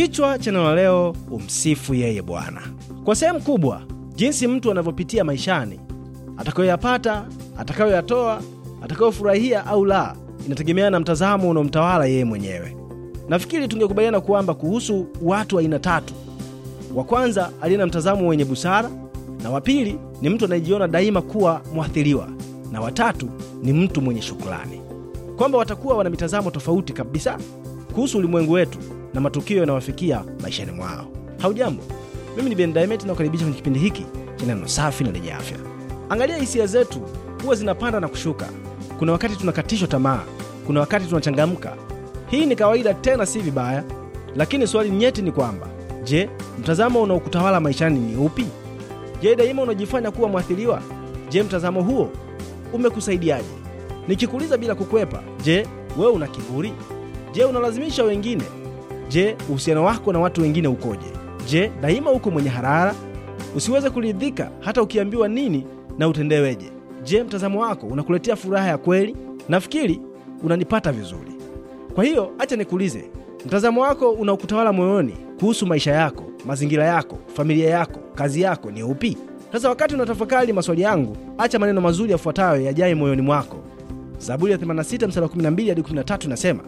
Kichwa cha neno leo, umsifu yeye Bwana. Kwa sehemu kubwa, jinsi mtu anavyopitia maishani, atakayoyapata, atakayoyatoa, atakayofurahia au la, inategemeana na mtazamo unaomtawala yeye mwenyewe. Nafikiri tungekubaliana kwamba kuhusu watu aina tatu: wa kwanza aliye na mtazamo wenye busara, na wa pili ni mtu anayejiona daima kuwa mwathiriwa, na watatu ni mtu mwenye shukrani, kwamba watakuwa wana mitazamo tofauti kabisa kuhusu ulimwengu wetu na matukio yanawafikia maishani mwao. Haujambo, mimi ni Ben Daimet kwenye kipindi hiki chenye neno safi na lenye afya. Angalia, hisia zetu huwa zinapanda na kushuka. Kuna wakati tunakatishwa tamaa, kuna wakati tunachangamka. Hii ni kawaida, tena si vibaya, lakini swali nyeti ni kwamba je, mtazamo unaokutawala maishani ni upi? Je, daima unajifanya kuwa mwathiriwa? Je, mtazamo huo umekusaidiaje? Nikikuuliza bila kukwepa, je, wewe una kiburi? Je, unalazimisha wengine Je, uhusiano wako na watu wengine ukoje? Je, daima uko mwenye harara? Usiweze kuridhika hata ukiambiwa nini na utendeweje? Je, mtazamo wako unakuletea furaha ya kweli? Nafikiri unanipata vizuri. Kwa hiyo acha nikuulize, mtazamo wako unaokutawala moyoni kuhusu maisha yako, mazingira yako, familia yako, kazi yako ni upi? Sasa wakati unatafakari maswali yangu, acha maneno mazuri yafuatayo yajae moyoni mwako. Zaburi ya 86 mstari wa 12 hadi 13 nasema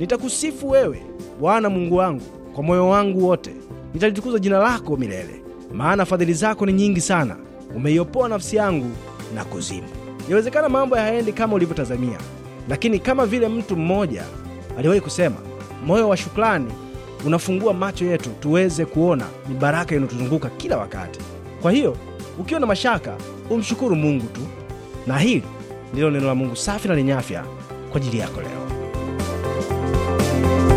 Nitakusifu wewe Bwana Mungu wangu kwa moyo wangu wote, nitalitukuza jina lako milele, maana fadhili zako ni nyingi sana, umeiopoa nafsi yangu na kuzimu. Yawezekana mambo hayaendi kama ulivyotazamia, lakini kama vile mtu mmoja aliwahi kusema, moyo wa shukrani unafungua macho yetu tuweze kuona ni baraka inayotuzunguka kila wakati. Kwa hiyo ukiwa na mashaka, umshukuru Mungu tu, na hili ndilo neno la Mungu safi na lenye afya kwa ajili yako leo. you